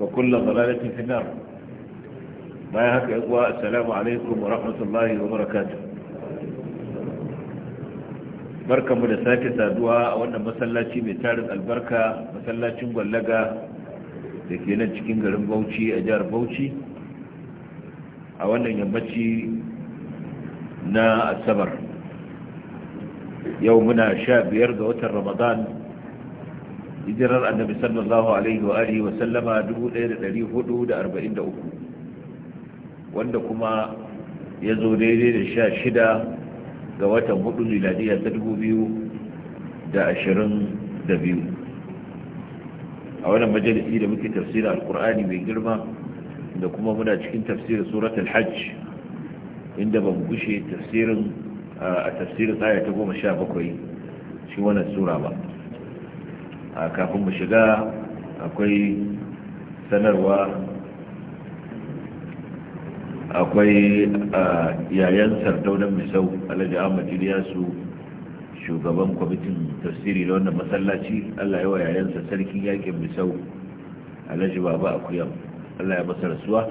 وكل ضلالة في النار ما يهك إقوى السلام عليكم ورحمة الله وبركاته بركة ملساكة سادوها وأن مسلاتي بتارد البركة مسلاتي مغلقة لكينا تشكين غرم بوشي أجار بوشي أولا ينبتشي نا السبر يومنا شاب يرد وتر رمضان hijirar annabi sallallahu alaihi wa alihi wa sallama 1443 wanda kuma ya zo daidai da sha shida ga watan hudu miladiya ta dubu biyu da ashirin da biyu a wannan majalisi da muke tafsirin alkur'ani mai girma da kuma muna cikin tafsirin surat alhajj inda ban gushe tafsirin a tafsirin aya ta goma sha bakwai shi wannan sura ba a kafin mu shiga akwai sanarwa akwai yayan sardaunan misau alhaji ahmad iliyasu shugaban kwamitin tafsiri na wannan masallaci allah yawa yayansa sarkin yakin misau alhaji baba akuyam allah ya masa rasuwa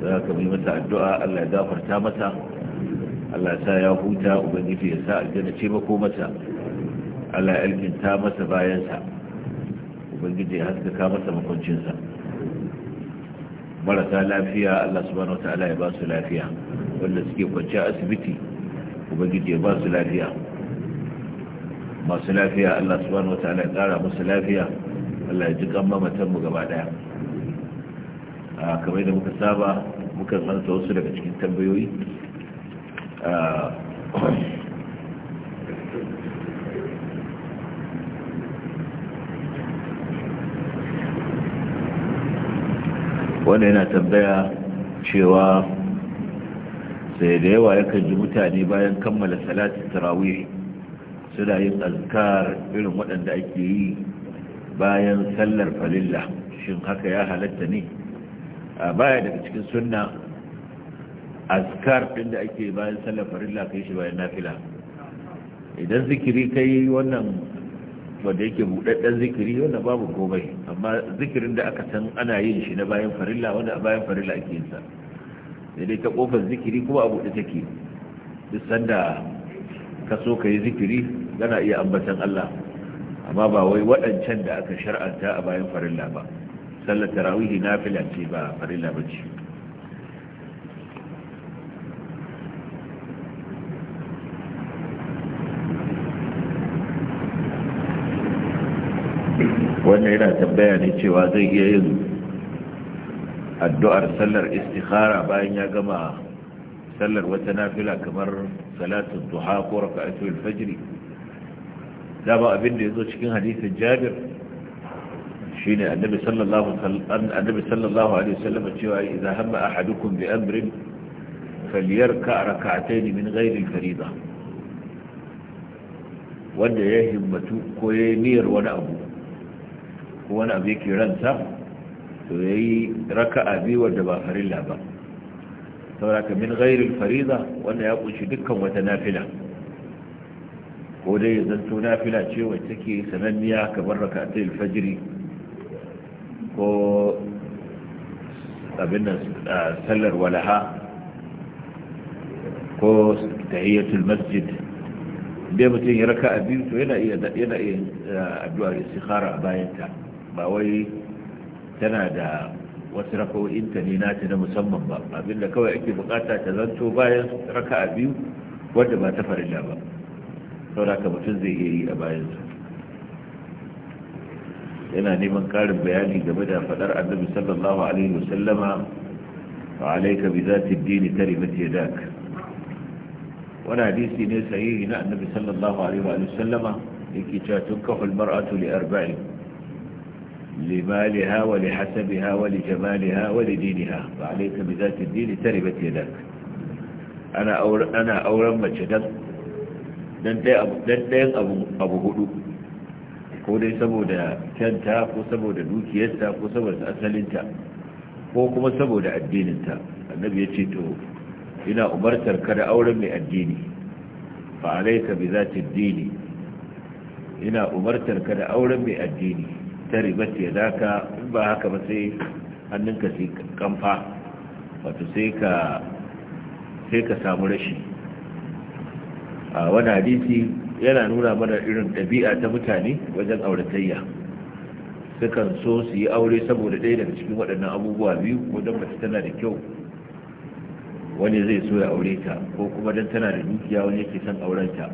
za ka yi masa addu'a allah ya gafarta masa allah ya sa ya huta ubangiji ya sa aljanna ce mako masa Ala ya alkinta masa bayansa ubangiji ya haskaka masa makoncinsa marasa lafiya Allah subhanahu wa ta'ala ya ba su lafiya wanda suke kwanciya asibiti ubangiji ya ba su lafiya masu lafiya Allah subhanahu wa ta'ala ya kara masu lafiya Allah ya ji kan mamatanmu gaba daya a kamar da muka saba muka zanta wasu daga cikin tambayoyi wanda yana tambaya cewa sai da yawa yakan ji mutane bayan kammala salatin tarawih suna yin azkar irin waɗanda ake yi bayan sallar falilla shin haka ya halatta ne a baya daga cikin sunna azkar ɗin da ake bayan sallar falilla kai shi bayan nafila idan zikiri kai wannan wanda yake buɗaɗɗen zikiri wanda babu komai amma zikirin da aka san ana yin shi na bayan farilla wanda a bayan farilla ake yin sa sai dai ta kofar zikiri kuma a buɗe take duk sanda ka so ka yi zikiri yana iya ambatan Allah amma ba wai waɗancan da aka shar'anta a bayan farilla ba sallar tarawihi nafila ce ba farilla ba ce wannan yana tambaya ne cewa zai iya yin addu'ar sallar istikhara bayan ya gama sallar wata nafila kamar salatun duha ko raka'atul fajr dama abinda ya zo cikin hadisin Jabir shine annabi sallallahu annabi sallallahu alaihi wasallam cewa idza hamma ahadukum bi amrin falyarka rak'atayn min ghairi fari ba. wanda ya himmatu ko ya niyyar wani abu wani abu yake ranta to yayi raka'a biyu wanda ba farilla ba sauraka min ghairil fariza wanda ya kunshi dukkan wata nafila ko dai ya zanto nafila ce wacce take sananniya kamar raka'atul fajri ko abin nan sallar walaha ko tahiyatul masjid dai mutum ya raka'a a biyu to yana iya yana iya addu'ar istikhara bayan ta ba wai tana da wasu raka'o'inta ne nata na musamman ba abinda kawai ake bukata ta zanto bayan raka'a biyu wadda ba ta farilla ba sauraka mutum zai iya yi a bayansu yana neman karin bayani game da fadar annabi sallallahu alaihi wasallama wa alaika bi zati dini tarimat yadak wani hadisi ne sahihi na annabi sallallahu alaihi wasallama yake cewa tun kafin mar'atu li arba'in لمالها ولحسبها ولجمالها ولدينها فعليك بذات الدين تربت يدك أنا أور أنا أورم مجدد dan ɗayan abu hudu ko dai saboda kyanta ko saboda dukiyarta ko saboda asalinta ko kuma saboda addininta annabi ya ce to ina umartar kada auren mai addini fa alaika bi zati dini ina umartar kada auren mai addini ta ribat ya daka ba haka ba sai hannunka sai kamfa wato ka sai ka samu rashi a wani hadisi yana nuna mana irin ɗabi'a ta mutane wajen auratayya sukan so su yi aure saboda ɗaya daga cikin waɗannan abubuwa biyu ko don mace tana da kyau wani zai so ya aure ta ko kuma don tana da dukiya wani yake son auren ta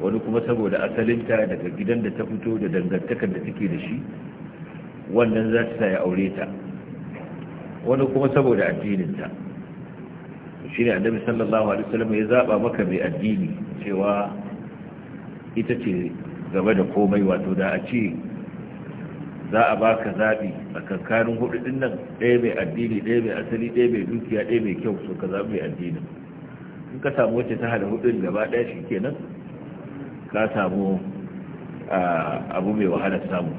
wani kuma saboda asalinta daga gidan da ta fito da dangantakar da take da shi wannan za ta ya aure ta wani kuma saboda addininta shi ne annabi sallallahu alaihi wasallam ya zaba maka mai addini cewa ita ce gaba da komai wato da a ce za a baka zabi a kankanin hudu din nan ɗaya mai addini ɗaya mai asali ɗaya mai dukiya ɗaya mai kyau so ka zaɓi mai addinin in ka samu wacce ta hada hudun gaba ɗaya shi kenan ka samu abu mai wahalar samu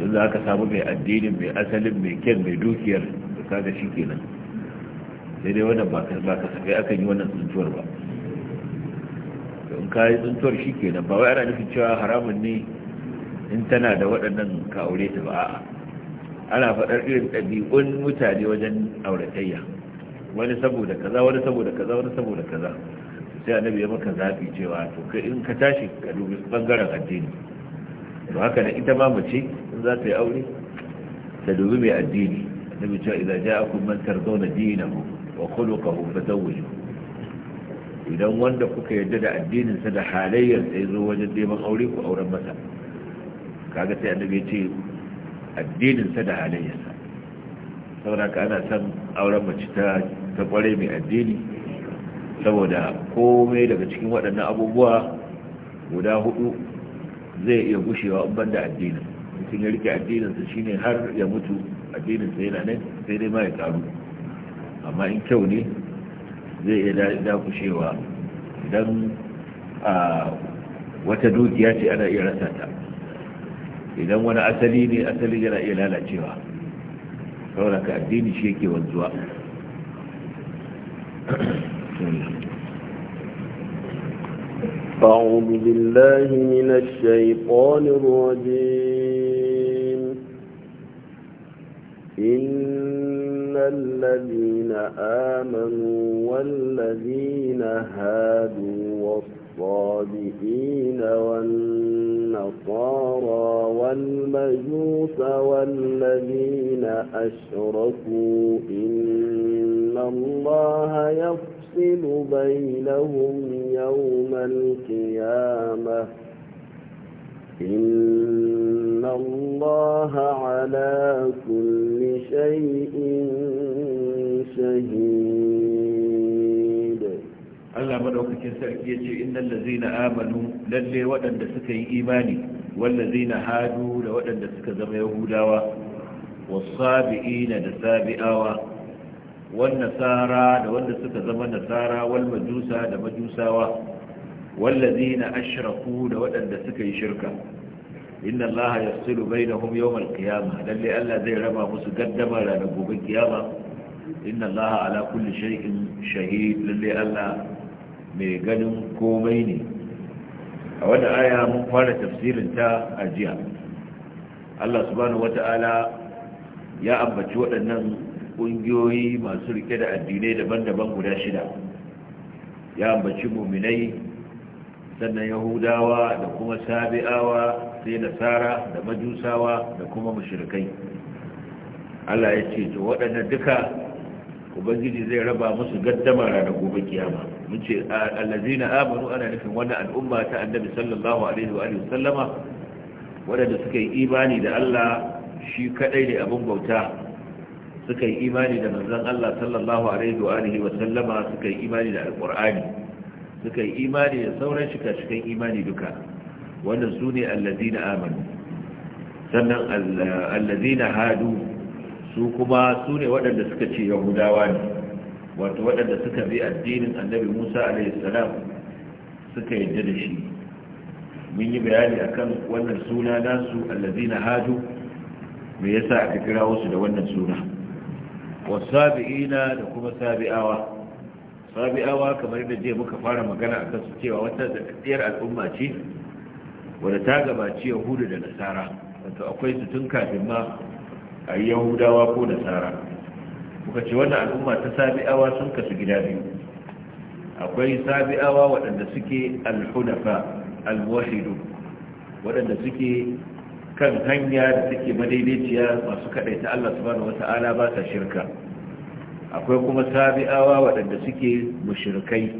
yanzu za ka samu mai addinin mai asalin mai kyan mai dukiyar ka ga shi kenan sai dai wannan ba ka sakai akan yi wannan tsuntuwar ba in ka yi tsuntuwar shi kenan ba wai ana nufin cewa haramun ne in tana da waɗannan ka aure ta ba a'a ana faɗar irin ɗabi'un mutane wajen auratayya wani saboda kaza wani saboda kaza wani saboda kaza sai annabi ya maka zaɓi cewa to kai in ka tashi ka dubi bangaren addini to haka da ita ma mace in za ta yi aure ta dubi mai addini annabi cewa idan ja aku man tarzauna dinahu wa hu fatawju idan wanda kuka yarda da addininsa da halayyar sai zo wajen neman aure ku auren masa kaga sai annabi ya ce addininsa da halayyarsa saboda ka ana son auren mace ta kware mai addini saboda komai daga cikin waɗannan abubuwa guda hudu zai iya gushewa in banda addinin mutum ya rike addininsa shi ne har ya mutu addininsa yana nan sai dai ma ya karu amma in kyau ne zai iya dakushewa idan a wata dukiya ce ana iya rasa ta idan wani asali ne asali yana iya lalacewa saboda ka addini shi yake wanzuwa أعوذ بالله من الشيطان الرجيم إن الذين آمنوا والذين هادوا والصابئين والنصارى والمجوس والذين أشركوا إن الله يفعل يفصل بينهم يوم القيامة إن الله على كل شيء شهيد الله مدعوكين يجي إن الذين آمنوا للي ودن دسكي إيماني والذين هادوا لودن دسك زمي يهوداوا والصابئين دسابئاوا wannan tsara da wanda suka zama nasara wal majusa da majusawa wallazina ashraku da waɗanda suka yi shirka inna allaha yafsilu bainahum yawm alqiyamah lalle Allah zai raba musu gaddama ranar gobe kiyama inna allaha ala kulli shay'in shahid lalle Allah mai ganin komai ne a wannan aya mun fara tafsirin ta a jiya Allah subhanahu wata'ala ya ambaci waɗannan ƙungiyoyi masu rike da addinai daban-daban guda shida ya ambaci muminai sannan yahudawa da kuma sabi'awa sai nasara da majusawa da kuma mushrikai Allah ya ce to waɗannan duka ubangiji zai raba musu gaddama ranar gobe kiyama mun ce na amanu ana nufin wannan al'umma ta annabi sallallahu alaihi wa sallama waɗanda suka yi imani da Allah shi kaɗai ne abin bauta suka yi imani da manzon Allah sallallahu alaihi wa alihi wa sallama suka yi imani da alqur'ani suka yi imani da sauran shika-shikan imani duka wannan su ne allazina amanu sannan allazina hadu su kuma su ne waɗanda suka ce yahudawa ne wato waɗanda suka bi addinin annabi musa alaihissalam suka yadda da shi mun yi bayani akan wannan suna nasu allazina hadu me yasa aka kira wasu da wannan suna sabi'ina da kuma sabi'awa sabi'awa kamar da je muka fara magana a kansu cewa wata tsakiyar al'umma ce wadda ta gabaci yahudu da nasara wato akwai su tun kafin ma a yi yahudawa ko nasara muka ce wannan al'umma ta sabi'awa sun kasu gida biyu akwai sabi'awa waɗanda suke alhunafa almuwahidu waɗanda suke kan hanya da suke madaidaiciya masu kaɗai ta Allah subhanahu wata'ala ba ta shirka akwai kuma sabi'awa waɗanda suke mushrikai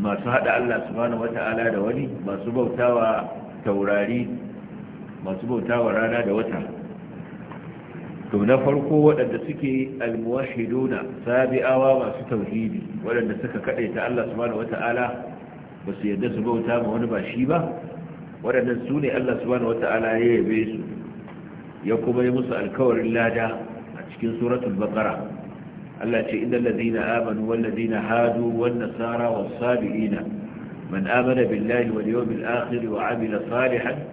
masu haɗa Allah subhanahu wata'ala da wani masu bautawa taurari masu bautawa rana da wata to na farko waɗanda suke almuwahiduna sabi'awa masu tauhidi waɗanda suka kaɗai ta Allah subhanahu wata'ala ba su yadda su bauta ma wani ba shi ba waɗannan su ne Allah subhanahu Ta'ala ya yabe su ya kuma yi musu alkawarin lada a cikin suratul baqara Allah ce innal ladina amanu wal ladina hadu wan nasara was sabiina man amana billahi wal yawmil akhir wa amila salihan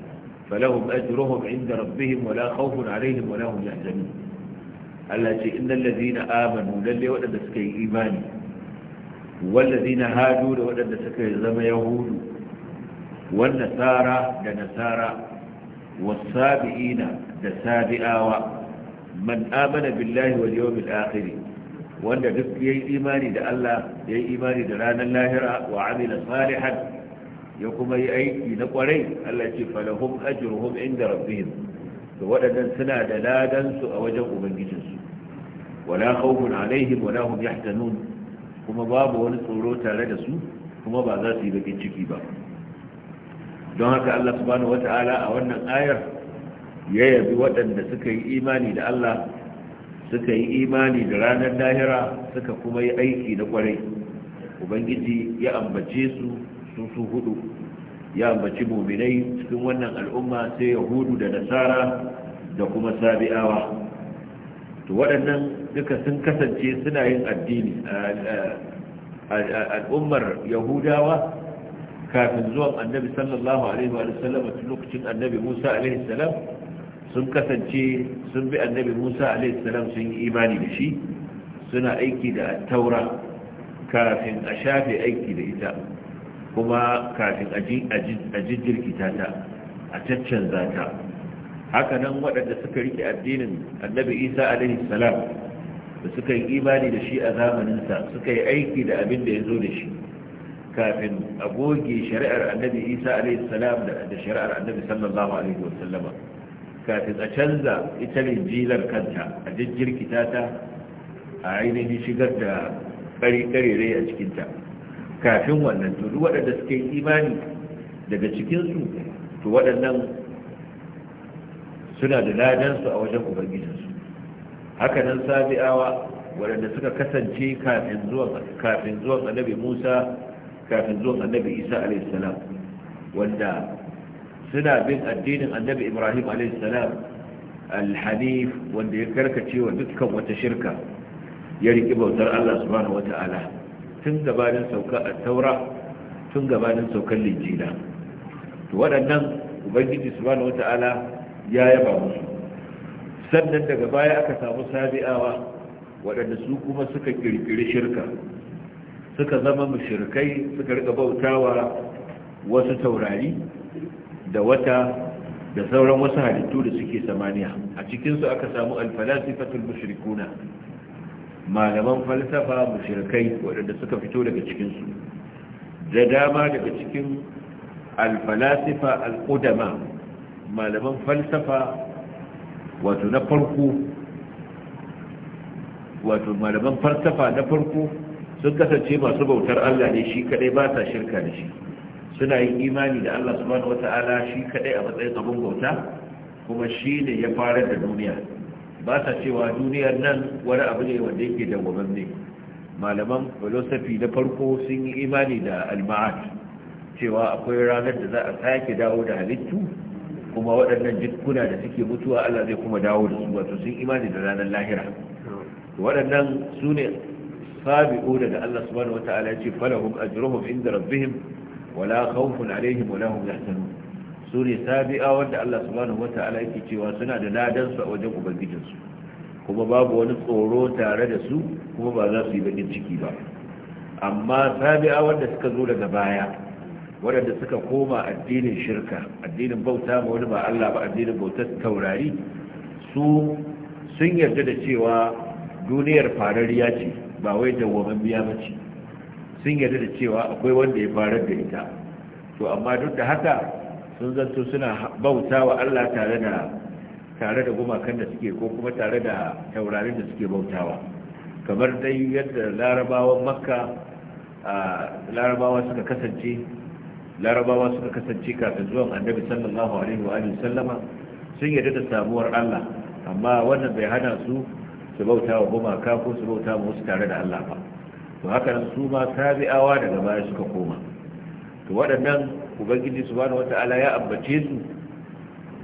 falahum ajruhum 'inda rabbihim wala khawfun 'alayhim wala hum yahzanun Allah ce innal ladina amanu lalle waɗanda suka yi imani wal ladina hadu da waɗanda suka yi zama yahudu والنسارى لنسارى والسابئين لسابئاوى من آمن بالله واليوم الآخر وأن دك يي إيماني دا الله يي إيماني دا رانا اللاهرة وعمل صالحا يقوم أي أيكي نقري التي فلهم أجرهم عند ربهم وأن سنة لا دنسوا أوجه من جنسوا ولا خوف عليهم ولا هم يحزنون kuma babu wani tsoro tare da su kuma ba za su yi bakin ciki ba don haka Allah subhanahu wata'ala a wannan ayar ya yabi waɗanda suka yi imani da Allah suka yi imani da ranar lahira suka kuma yi aiki na kwarai ubangiji ya ambace su sun su hudu ya ambaci muminai cikin wannan al'umma sai yahudu da nasara da kuma sabi'awa to waɗannan duka sun kasance suna yin addini al'ummar yahudawa kafin zuwan annabi sallallahu alaihi wa sallam a lokacin annabi musa alaihi salam sun kasance sun bi annabi musa alaihi salam sun yi imani da shi suna aiki da taura kafin a shafe aiki da ita kuma kafin a jirgita ta a caccanza ta haka nan waɗanda suka rike addinin annabi isa alaihi salam da suka yi imani da shi a zamaninsa suka yi aiki da abin da ya zo da shi kafin a goge shari'ar annabi isa alaihi salam da shari'ar annabi sallallahu alaihi wa sallama kafin a canza ita jilar kanta a jirgita ta a ainihin shigar da ƙarere a cikinta kafin wannan to duk waɗanda suke imani daga cikinsu to waɗannan suna da ladansu a wajen ubangijinsu hakanan nan sabi'awa waɗanda suka kasance kafin zuwan annabi musa kafin zuwan annabi isa alaihissalam wanda suna bin addinin annabi ibrahim alaihissalam alhanif wanda ya karkace wa dukkan wata shirka ya riƙi bautar allah subhanahu wa ta'ala tun gabanin sauka a taura tun gabanin saukan lijila to waɗannan ubangiji subhanahu wa ta'ala ya yaba musu sannan daga baya aka samu sabi'awa waɗanda su kuma suka kirkiri shirka suka zama mushrikai suka rika bautawa wasu taurari da wata da sauran wasu halittu da suke samaniya a cikinsu aka samu alfalasifatul mushrikuna malaman falsafa mushrikai waɗanda suka fito daga cikinsu da dama daga cikin alfalasifa al'udama malaman falsafa wato na farko wato malaman falsafa na farko sun kasance masu bautar Allah ne shi kadai ba ta shirka da shi suna yin imani da Allah subhanahu wata'ala shi kadai a matsayin abin bauta kuma shi ne ya fara da duniya ba ta cewa duniyar nan wani abu ne wanda yake da ne malaman philosophy na farko sun yi imani da alma'ad cewa akwai ranar da za a sake dawo da halittu kuma waɗannan jikuna da suke mutuwa Allah zai kuma dawo da su wato sun imani da ranar lahira waɗannan su ne sabiqu daga Allah subhanahu wata'ala ya ce falahum ajruhum inda rabbihim wala khawfun alaihim wala hum yahzanun su ne wanda Allah subhanahu wata'ala yake suna da ladan su a wajen ubangijin su kuma babu wani tsoro tare da su kuma ba za su yi ciki ba amma sabi'a wanda suka zo daga baya waɗanda suka koma addinin shirka addinin bauta ma wani ba Allah ba addinin bautar taurari su sun yarda da cewa duniyar farariya ce ba wai da dawwamin biya ba ce sun yarda da cewa akwai wanda ya farar da ita to amma duk da haka sun zanto suna bauta wa Allah tare da tare da gumakan da suke ko kuma tare da taurarin da suke bautawa kamar dai yadda larabawan makka larabawa suka kasance larabawa suka kasance kafin zuwan annabi sallallahu alaihi wa sallama sun yarda da samuwar Allah amma wannan bai hana su su bauta wa gumaka ko su bauta musu tare da Allah ba to haka nan su ma tabi'awa daga baya suka koma to waɗannan ubangiji subhanahu wata'ala ya ambace su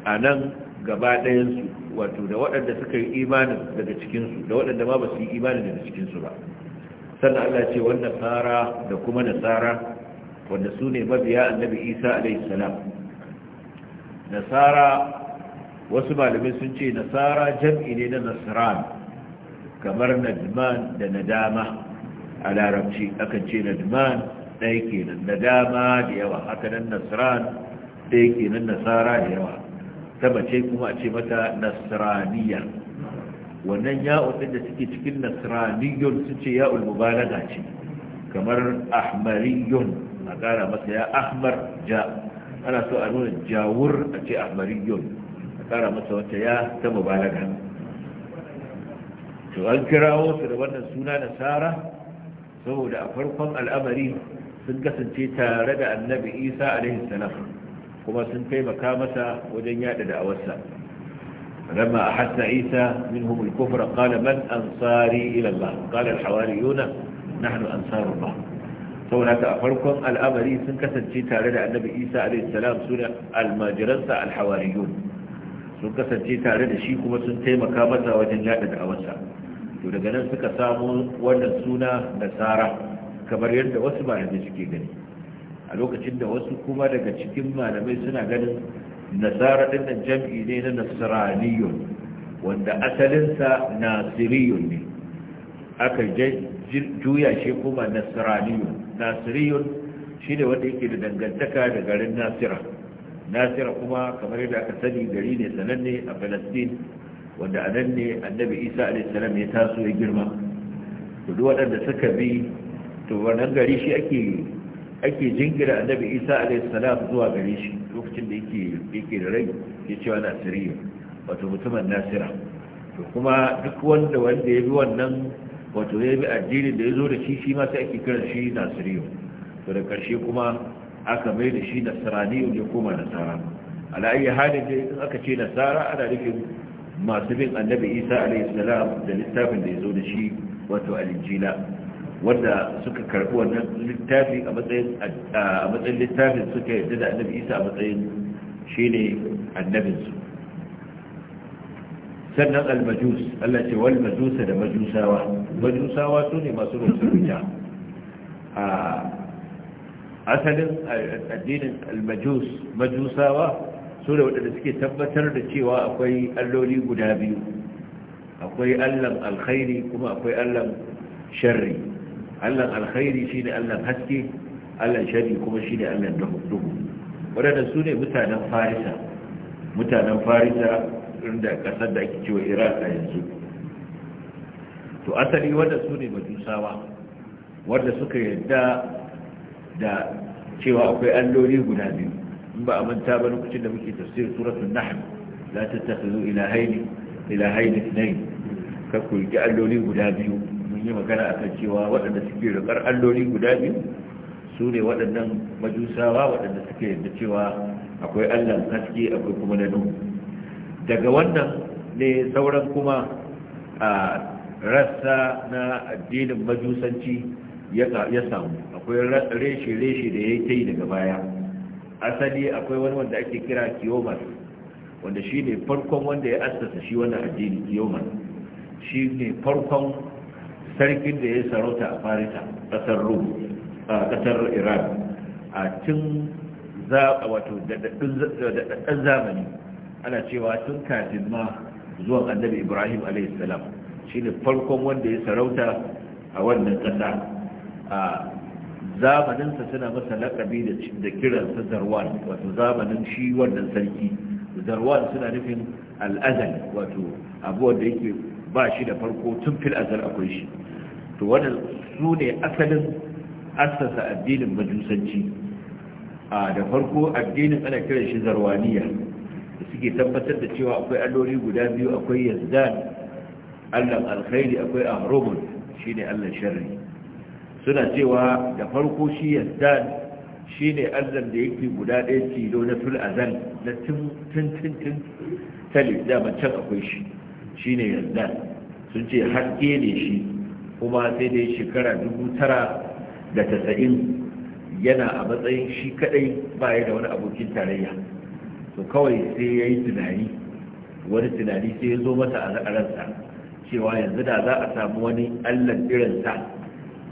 a nan gaba ɗayansu wato da waɗanda suka yi imanin daga cikinsu da waɗanda ma ba su yi imanin daga cikinsu ba sannan Allah ce wanda tsara da kuma nasara wanda su ne mabiya annabi isa alaihissalam nasara wasu malamai sun ce nasara jam'i ne na nasran kamar nadman da nadama a larabci akan ce nadman ɗaya kenan nadama da yawa haka nan nasran ɗaya kenan nasara da yawa ta mace kuma a ce mata nasraniya wannan ya'un da suke cikin nasraniyun su ce ya'ul mubalaga ce kamar ahmariyun a ƙara masa ya ahmar ja ana so a nuna jawur a ce ahmariyun a ƙara masa wata ya ta mubalaga to an kirawo su da wannan suna nasara saboda a farkon al'amari sun kasance tare da annabi isa alaihi kuma sun taimaka masa wajen yada da awarsa. a Isa da'awarsa لما أحس عيسى منهم الكفر قال من أنصاري إلى الله قال الحواريون نحن أنصار ba. saboda haka a farkon al'amari sun kasance tare da annabi isa alaihissalam suna da almajiransa alhawariyun sun kasance tare da shi kuma sun taimaka masa wajen yada da awarsa. to daga nan suka samu wannan suna nasara kamar yadda wasu malamai suke gani a lokacin da wasu kuma daga cikin malamai suna ganin nasara din nan jam'i ne na nasraniyun wanda asalinsa nasiriyun ne aka juya shi kuma nasraniyun nasiriyun shi ne wanda yake da dangantaka da garin nasira nasira kuma kamar yadda aka sani gari ne sananne a falastin wanda a nan ne annabi isa alaihissalam ya taso ya girma duk waɗanda suka bi to wannan gari shi ake ake jingira annabi isa alaihissalam zuwa gari shi lokacin da yake yake da rai ya cewa nasiriya wato mutumin nasira to kuma duk wanda wanda ya bi wannan wato ya bi addini da ya zo da shi shi ma sai ake kiran shi nasiriya to da ƙarshe kuma aka mai da shi nasirani ya koma nasara ala ayi halin da aka ce nasara ana nufin masu bin annabi isa alaihi salam da littafin da ya zo da shi wato alinjila wanda suka karbi wannan littafi a matsayin a matsayin littafin suka yarda da annabi isa a matsayin shi ne annabinsu sannan almajus Allah ce wal majusa da majusawa majusawa su ne masu rusun rija a asalin addinin almajus majusawa su da waɗanda suke tabbatar da cewa akwai alloli guda biyu akwai allan alkhairi kuma akwai allan sharri allan alkhairi shine allan haske allan sharri kuma shine allan duhu waɗanda su ne mutanen farisa mutanen farisa inda ƙasar da ake cewa iraq a yanzu to asali wanda su ne majusawa wanda suka yadda da cewa akwai alloli guda biyu in ba a manta ba lokacin da muke tafsir suratul nahl la tattakhidhu ilahayn ilahayn ithnayn ka ku yi alloli guda biyu mun yi magana akan cewa waɗanda suke rikar alloli guda biyu su ne waɗannan majusawa waɗanda suke yadda cewa akwai allah haske akwai kuma na nuhu daga wannan ne sauran kuma a rasa na addinin majusanci ya samu akwai reshe-reshe da ya yi ta yi daga baya asali akwai wani wanda ake kira kiyoman wanda shi ne farkon wanda ya asasa shi wani addini kiyoman shi ne farkon sarkin da ya sarauta a farisa ƙasar rum a ƙasar iran a tun za a wato daɗaɗɗen zamani ana cewa tun kafin ma zuwan annabi ibrahim a.s. shi ne farkon wanda ya sarauta a wannan ƙasa zamaninsa suna masa laƙabi da kiransa zarwan wato zamanin shi wannan sarki zarwan suna nufin al'azal wato abuwan da yake ba shi da farko tun fil azal akwai shi to wannan su ne asalin assasa addinin majusanci a da farko addinin ana kiran shi zarwaniya da suke tabbatar da cewa akwai alloli guda biyu akwai yazdan allah alkhairi akwai shi shine allah sharri suna cewa da farko shi yazdan shi ne arzan da yake guda ɗaya tilo na fil azal na tuntuntun talib daman can akwai shi shi ne yazdan sun ce haske ne shi kuma sai dai shekara dubu tara da tasa'in yana a matsayin shi kadai baya da wani abokin tarayya to kawai sai ya yi tunani wani tunani sai ya zo masa a cewa yanzu da za a samu wani allan irinsa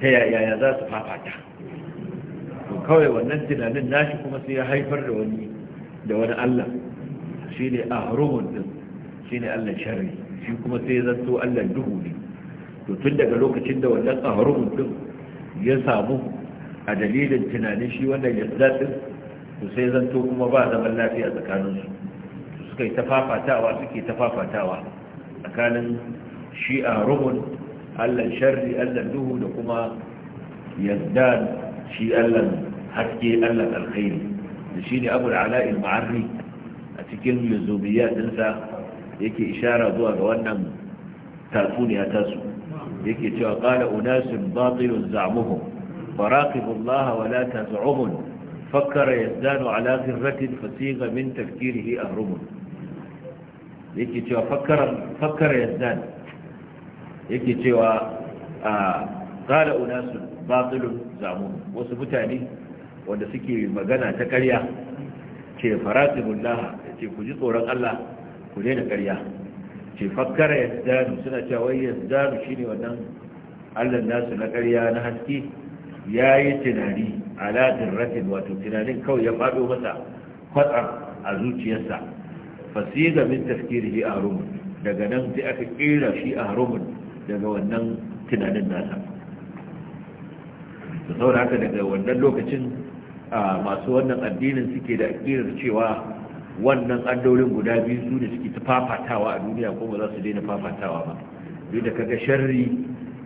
ta yaya za su fafata to kawai wannan tunanin nashi kuma sai ya haifar da wani da wani Allah shi ne a harumun din shi ne Allah sharri shi kuma sai ya zanto Allah duhu ne to tun daga lokacin da wannan a harumun din ya samu a dalilin tunanin shi wannan ya zaɗin to sai zanto kuma ba zaman lafiya tsakaninsu suka yi tafafatawa suke tafafatawa tsakanin shi a rumun allan sharri allan duhu da kuma yazdan shi allan haske allan alkhairi da shi ne al-Ala maarri a cikin yuzubiyat dinsa yake ishara zuwa ga wannan tatsuniya tasu yake cewa qala unasun batilun za'muhum faraqibu Allah wa la taz'umun fakkara yazdanu ala ghirratin fasiga min tafkirihi ahrumun yake cewa fakkara yazdanu yake cewa a kala unasu batilun zamu wasu mutane wanda suke magana ta karya, ce faratibullah ce ku ji tsoron Allah ku daina karya. ce fakkara zanu suna cewa wai yazdanu shine wannan Allah nasu na karya na haske yayi tunani ala dirratin wato tunanin kawai ya faɗo masa kwatsar a zuciyarsa fasiga min tafkirihi a daga nan sai aka kera shi a rumun daga wannan tunanin nasa da saboda haka daga wannan lokacin masu wannan addinin suke da aƙirar cewa wannan allolin guda biyu su da suke ta fafatawa a duniya kuma za su daina fafatawa ba duk da kaga sharri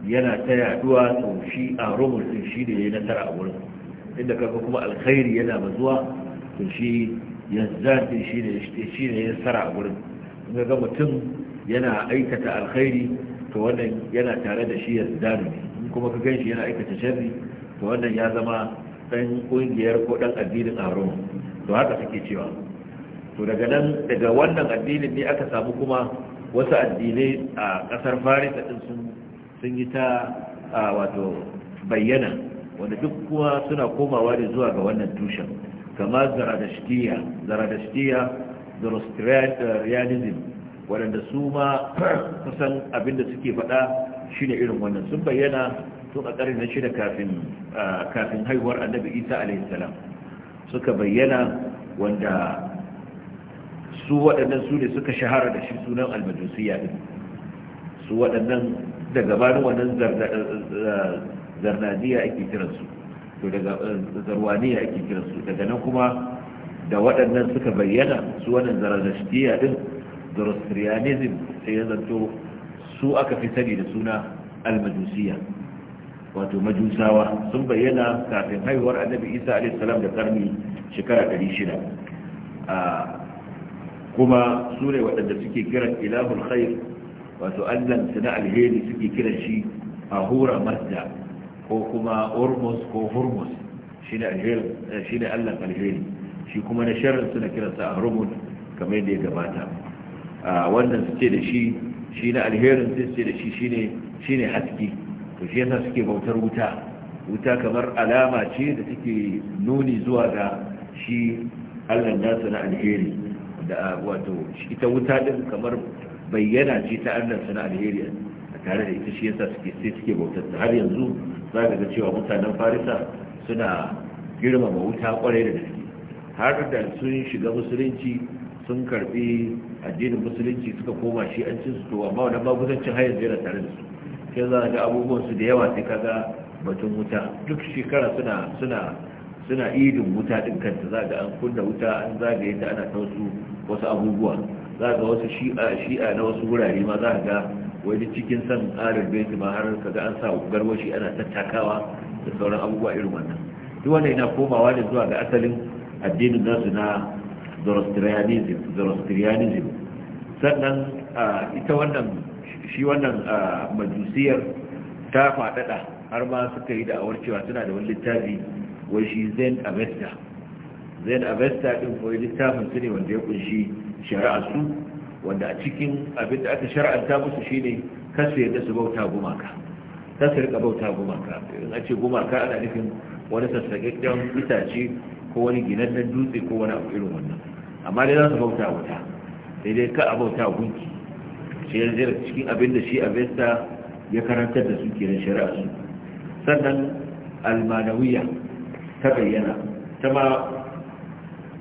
yana ta yaduwa to shi a rumul din shi da ya nasara a wurin inda kaga kuma alkhairi yana bazuwa to shi yanzan shi ne shi ne ya nasara a wurin ga mutum yana aikata alkhairi to wannan yana tare da shi ya zarumi in kuma ka gan shi yana aikata sharri to wannan ya zama dan kungiyar ko dan addinin aron to haka suke cewa to daga nan daga wannan addinin ne aka samu kuma wasu addinai a kasar farisa din sun sun yi ta wato bayyana wanda duk kuma suna komawa ne zuwa ga wannan tushen kama zaradashtiya zaradashtiya zoroastrianism waɗanda su ma kusan abinda suke faɗa shi ne irin wannan sun bayyana tun a ƙarin na shida kafin haihuwar annabi isa alaihissalam suka bayyana wanda su waɗannan su ne suka shahara da shi sunan almajusiya ɗin su waɗannan da gabanin wannan zarnadiya ake kiransu to daga eh, zarwaniya ake kiransu daga nan kuma da waɗannan suka bayyana su wannan zarazashtiya ɗin zoroastrianism sai ya zanto su aka fi sani da suna almajusiya wato majusawa sun bayyana kafin haihuwar annabi isa alaihissalam da karni shekara 600 kuma su ne waɗanda suke kiran ilahul khair wato allan na alheri suke kiran shi hura mazda ko kuma ormos ko hormos shi ne eh, allan alheri shi kuma na sharrin suna kiransa a rumun kamar da ya gabata wannan su ce da shi shi na alherin su ce da shi shi ne haske to shi yasa suke bautar wuta wuta kamar alama ce da take nuni zuwa ga shi allah nasu na alheri da wato ita wuta din kamar bayyana ce ta allah su na alheri a tare da ita shi yasa suke sai suke bautar har yanzu za ka ga cewa mutanen farisa suna girmama wuta kwarai da gaske har da sun shiga musulunci sun karbi addinin musulunci suka koma shi an cin su to amma wannan magudancin har yanzu tare da su ke za ga abubuwan su da yawa sai kaga batun wuta duk shekara suna suna suna idin wuta din kanta za ga an kunna wuta an zagaye ta ana ta wasu wasu abubuwa za ga wasu shi'a shi'a na wasu wurare ma za ga wani cikin san tsarin baiti ma har kaga an sa garwashi ana tattakawa da sauran abubuwa irin wannan duk wanda yana komawa ne zuwa ga asalin addinin nasu na zoroastrianism sannan ita wannan shi wannan majusiyar ta faɗaɗa har ma suka yi da'awar cewa suna da wani littafi wai shi zen avesta zen avesta ɗin wai littafin su ne wanda ya kunshi shari'a su wanda a cikin abin da aka shari'anta musu shi ne kasu yadda su bauta gumaka kasu rika bauta gumaka in a ce gumaka ana nufin wani sassaƙaƙƙen itace ko wani ginannen dutse ko wani abu irin wannan amma dai za su bauta wuta sai dai ka a bauta gunki shi yanzu cikin abin da shi abinsa ya karantar da su kenan shari'a su sannan almanawiya ta bayyana ta ma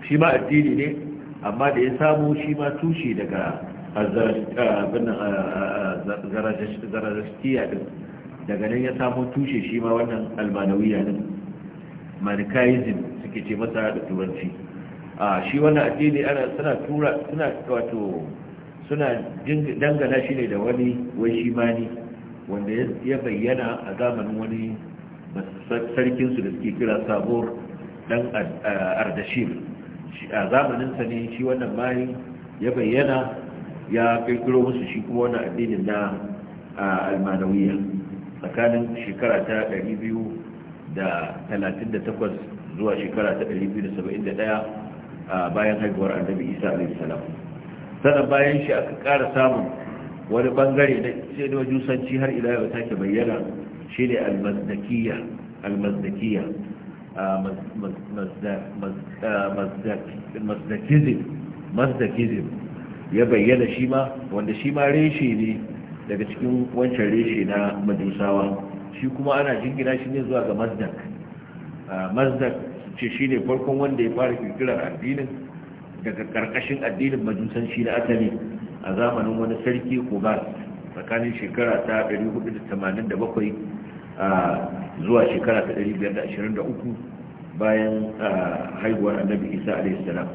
shi ma addini ne amma da ya samu shi ma tushe daga zarajashtiya din daga nan ya samu tushe shi ma wannan almanawiya din manikayizm suke ce masa da turanci a shi wannan addini ana suna tura suna wato suna dangana shi ne da wani wai mani wanda ya bayyana a zamanin wani sarkinsu da suke kira Sabor dan ardashir a zamaninsa ne shi wannan mani ya bayyana ya kirkiro musu shi kuma wannan addinin na almanawiya tsakanin shekara ta 238 zuwa shekara ta 271 bayan haihuwar annabi isa alaihi salam sannan bayan shi aka kara samun wani bangare na sai da wajusanci har ila yau ke bayyana shine ne almazdakiya ya bayyana shi ma wanda shi ma reshe ne daga cikin wancan reshe na majusawa shi kuma ana jingina shi ne zuwa ga mazdak mazdak ce shi ne farkon wanda ya fara kirkirar addinin daga karkashin addinin majusanci na asali a zamanin wani sarki kogas tsakanin shekara ta 487 zuwa shekara ta 523 bayan haihuwar annabi isa alaihissalam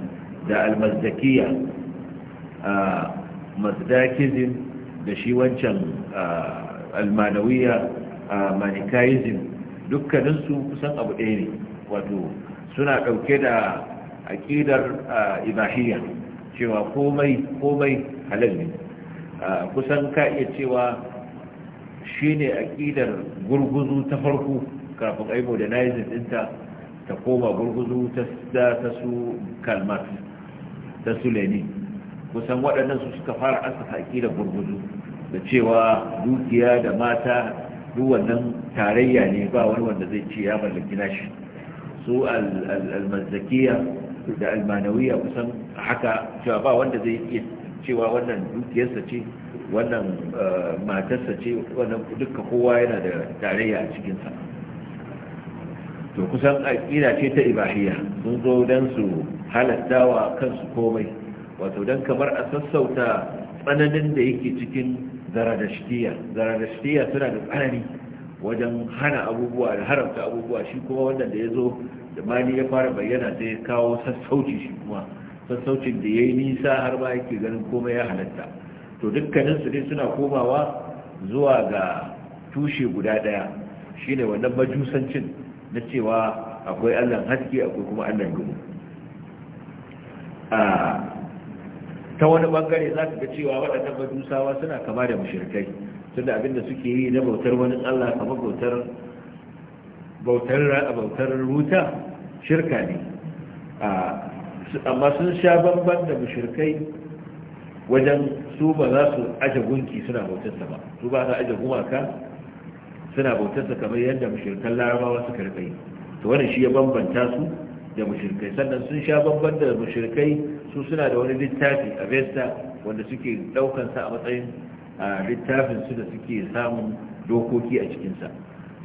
da almazdakiya mazdakizm da shi wancan almanawiya manikayizm dukkaninsu kusan abu ɗaya ne wato suna ɗauke da aƙidar ibahiyya cewa komai komai halal ne kusan ka iya cewa shi ne aƙidar gurguzu ta farko kafin ai modernizing ɗinta ta koma gurguzu ta su kalmar ta su lenin kusan waɗannan su suka fara asasa aƙidar gurguzu da cewa dukiya da mata duwannan tarayya ne ba wani wanda zai ce ya mallaki nashi su almazzakiya da almanawiya kusan haka cewa ba wanda zai iya cewa wannan dukiyarsa ce wannan eh, matarsa ce wannan duka kowa yana da tarayya a cikinsa to kusan aƙida ce ta ibahiyya sun zo don su halatta wa kansu komai wato don kamar a sassauta tsananin da yake cikin zaradashtiya zaradashtiya suna da tsanani wajen hana abubuwa da haramta abubuwa shi kuma wannan da ya zo da mali ya fara bayyana sai ya kawo sassauci shi kuma sassaucin da ya yi nisa har ma yake ganin komai ya halatta to dukkaninsu ne suna komawa zuwa ga tushe guda ɗaya shine wannan majusancin na cewa akwai allan haske akwai kuma allan gudu ta wani bangare za ka ga cewa waɗannan majusawa suna kama da mashirkai tunda abinda suke yi na bautar wani Allah kamar bautar bautar bautar wuta shirka ne amma sun sha bamban da mushrikai wajen su ba za su aje gunki suna bautarsa ba su ba za aje gumaka suna bautarsa kamar yadda mushrikan larabawa suka rika yi to wannan shi ya bambanta su da mushrikai sannan sun sha bamban da mushrikai su suna da wani littafi a vesta wanda suke daukansa a matsayin A littafinsu da suke samun dokoki a cikinsa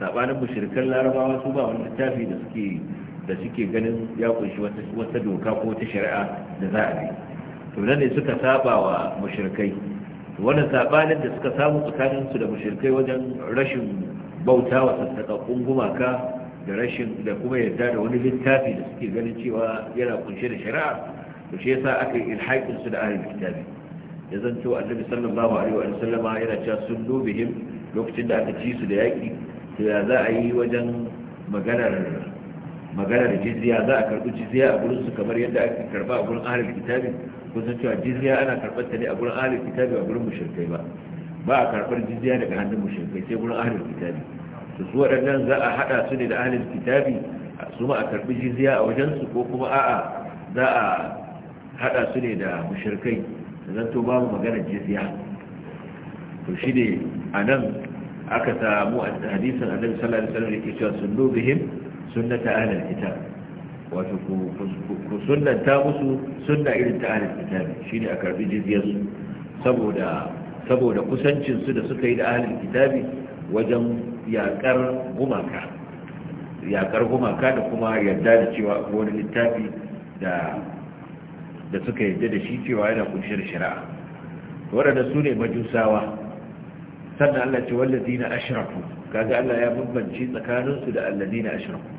saɓanin mushrikan larabawa su ba wani littafi da suke da suke ganin ya kunshi wata doka ko wata shari'a da za a bi to nan ne suka saba wa mushrikai wannan da suka samu tsakanin su da mushrikai wajen rashin bauta wa sassaƙaƙƙun gumaka da rashin da kuma yarda da wani littafi da suke ganin cewa yana kunshe da shari'a to shi yasa aka yi ilhaƙin su da ahlul littafi ya zanto annabi sallallahu alaihi wa sallama yana cewa sun lobihim lokacin da aka ci su da yaƙi to ya za a yi wajen maganar maganar jizya za a karɓi jizya a gurin su kamar yadda aka karba a gurin ahlul kitabi ko san cewa jizya ana karɓar ta ne a gurin ahlul kitabi a gurin mushrikai ba ba a karɓar jizya daga hannun mushrikai sai gurin ahlul kitabi to su waɗannan za a haɗa su ne da ahlul kitabi su ma a karɓi jizya a wajensu ko kuma a'a za a haɗa su ne da mushrikai zan to babu magana jizya to shi ne a nan aka samu hadisan a nan salari salari yake cewa him bihim sunnata ahlil ita?" wato ku ta musu sunna irin ta ahlil Shi ne a karbi jizyar su saboda saboda kusancinsu da suka yi da ahlil kitabi wajen yakar gumaka yakar gumaka da kuma yarda da cewa wani littafi da da suka yadda da shi cewa yana kunshe shari'a waɗanda su ne majusawa sannan Allah ce wallazina ashraku kaga Allah ya bambanci su da allazina ashraku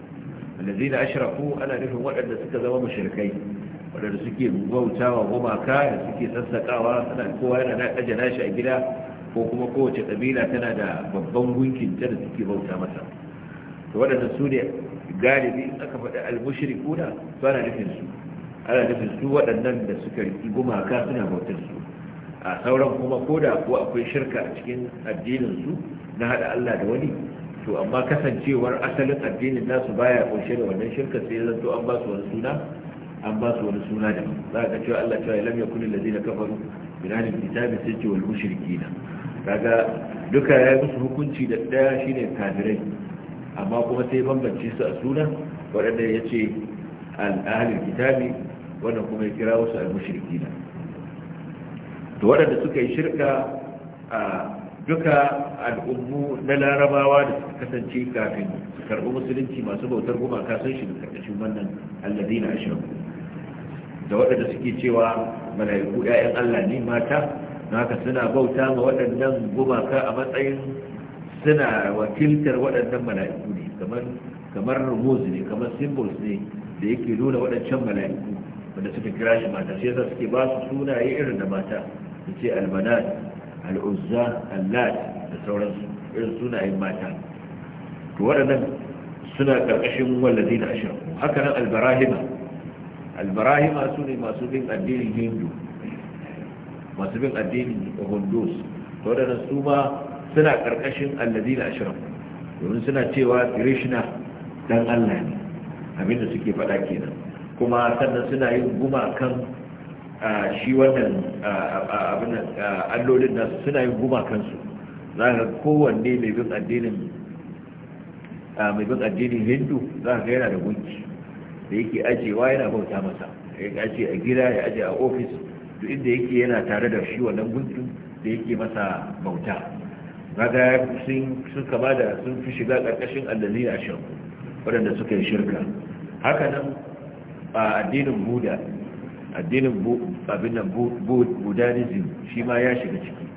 allazina ashraku ana nufin waɗanda suka zama mushrikai waɗanda suke bautawa gumaka da suke sassakawa suna kowa yana da ajiye nashi a gida ko kuma kowace kabila tana da babban gunkin ta da suke bauta masa to waɗanda su ne galibi aka faɗi al-mushrikuna ba na nufin su ana nufin su waɗannan da suka riki gumaka suna bautar su a sauran kuma ko da ko akwai shirka a cikin addinin su na haɗa Allah da wani to amma kasancewar asalin addinin nasu baya kunshe da wannan shirka sai zan to an ba su wani suna an ba su wani suna da za ka cewa Allah cewa lam yakun allazina kafaru min kitabi sajju wal mushrikina kaga duka ya musu hukunci da daya shine kafirai amma kuma sai bambance su a suna waɗanda ya ce al ahli kitabi wannan kuma ya kira wasu al-mushriki na to waɗanda suka yi shirka a duka al'ummu na larabawa da suka kasance kafin su karɓi musulunci masu bautar gumaka sun da karkashin wannan allazi na ashirin da waɗanda suke cewa mala'iku 'ya'yan allah ne mata na haka suna bauta ma waɗannan gumaka a matsayin suna wakiltar waɗannan mala'iku ne kamar kamar rumuz ne kamar symbols ne da yake nuna waɗancan mala'iku wanda suka kira shi mata shi yasa suke ba su sunaye irin da mata su ce almanat al'uzza allat da sauransu irin sunayen mata to waɗannan suna ƙarƙashin wallazi na ashirin haka nan albarahima albarahima su ne masu bin addinin hindu masu bin addinin hundus to waɗannan su ma suna ƙarƙashin wallazi na ashirin domin suna cewa krishna dan allah ne abinda suke faɗa kenan kuma sannan suna yin gumakan shi wannan allolin nasu suna yin gumakansu za ka kowanne mai bin addinin mai bin addinin hindu za ka yana da gunki da yake ajewa yana bauta masa ya ajiye a gida ya ajiye a ofis duk inda yake yana tare da shi wannan gunkin da yake masa bauta kaga sun sun kama da sun fi shiga karkashin allazina ashirin waɗanda suka yi shirka haka nan A addinin buda addinin abin budanism shi ma ya shiga ciki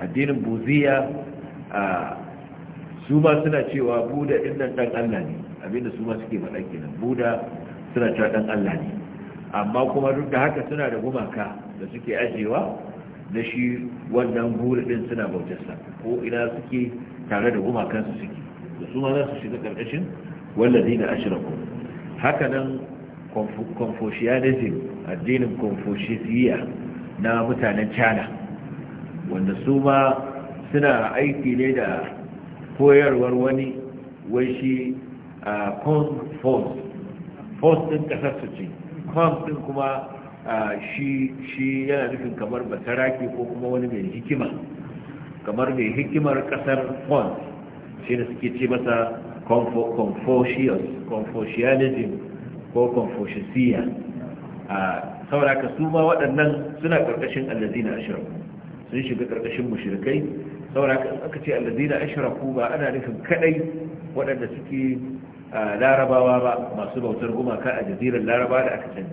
addinin buziya a su ma suna cewa buda din nan dan Allah ne abinda su ma suke faɗa kenan buda suna cewa dan Allah ne amma kuma duk da haka suna da gumaka da suke ajewa na shi wannan buda din suna bautarsa ko ina suke tare da gumakansu suke da su ma za su shiga ƙarƙashin na ashraku haka nan confucianism addinin confucius na mutanen china wanda su ma suna aiki ne da koyarwar wani wai shi a conforce din kasar su ce force din kuma shi yana nufin kamar basaraki ko kuma wani mai hikima kamar mai hikimar kasar force shi da suke ce masa confucius confucianism ko confuciusiya a sauraka su ma waɗannan suna ƙarƙashin allazina ashraku sun shiga ƙarƙashin mushrikai sauraka aka ce allazina ashraku ba ana nufin kadai waɗanda suke larabawa ba masu bautar gumaka a jazirar larabawa da aka can.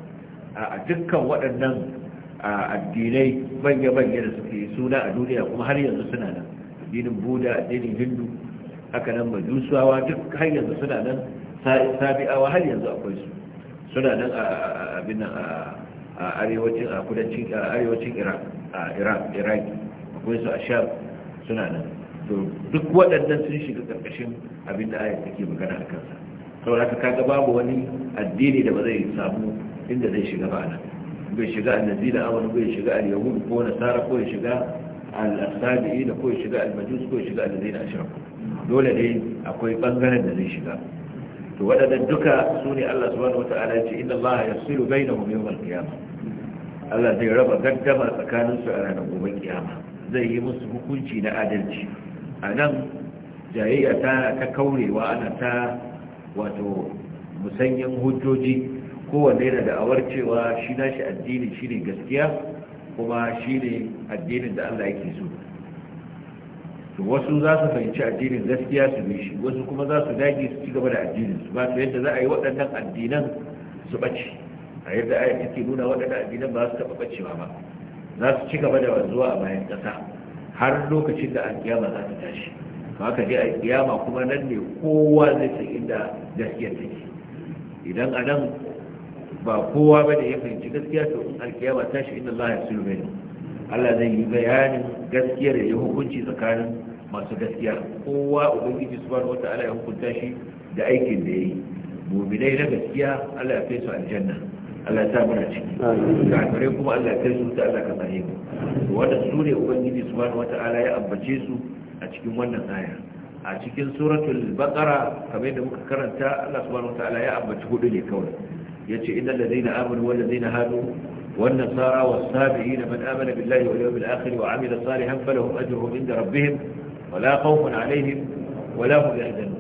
a dukkan waɗannan addinai manya-manya da suke suna a duniya kuma har yanzu suna nan addinin buda addinin hindu haka nan majusawa duk har yanzu suna nan sabi'awa har yanzu akwai su suna nan a abin nan a arewacin a kudancin a arewacin iraq a iraq iraki akwai su a sham suna nan to duk waɗannan sun shiga ƙarƙashin abin da ayat take magana a kansa saboda ka kaga babu wani addini da ba zai samu inda zai shiga ba nan bai shiga annabi da amanu bai shiga al-yahud ko nasara ko ya shiga al-asabi'i da ko ya shiga al-majus ko ya shiga al na ashraku dole dai akwai bangaren da zai shiga to waɗannan duka su ne Allah subhanahu wata'ala ya ce inna Allah yasilu bainahum al qiyamah Allah zai raba gaddama tsakanin su a ranar gobe kiyama zai yi musu hukunci na adalci a nan jayayya ta ta kaurewa ana ta wato musanyen hujjoji kowanne yana da awar cewa shi nashi addini shine gaskiya kuma shine addinin da Allah yake so to wasu za su fahimci addinin gaskiya su bi shi wasu kuma za su dage su ci gaba da addinin su ba su yadda za a yi waɗannan addinan su ɓace a yadda ayat take nuna waɗannan addinan ba su taɓa ɓacewa ba za su ci gaba da wanzuwa a bayan ƙasa har lokacin da alƙiyama za ta tashi haka dai alƙiyama kuma nan ne kowa zai san inda gaskiya take idan a nan ba kowa ba da ya fahimci gaskiya to in alƙiyama tashi inda Allah ya sulhu ne Allah zai yi bayanin gaskiyar ya hukunci tsakanin masu gaskiya kowa ubangiji wata ala ya hukunta shi da aikin da yayi mu'minai na gaskiya Allah ya kai su aljanna Allah ya sa mu ciki kafirai kuma Allah ya kai su ta Allah ka sahi mu wanda su ne ubangiji wata ala ya ambace su a cikin wannan aya a cikin suratul baqara kamar da muka karanta Allah subhanahu wataala ya ambaci hudu ne kawai yace innal ladina amanu wal ladina hadu والنصارى والسابعين من آمن بالله واليوم الآخر وعمل صالحا فلهم أجرهم عند ربهم ولا خوف عليهم ولا هم يحزنون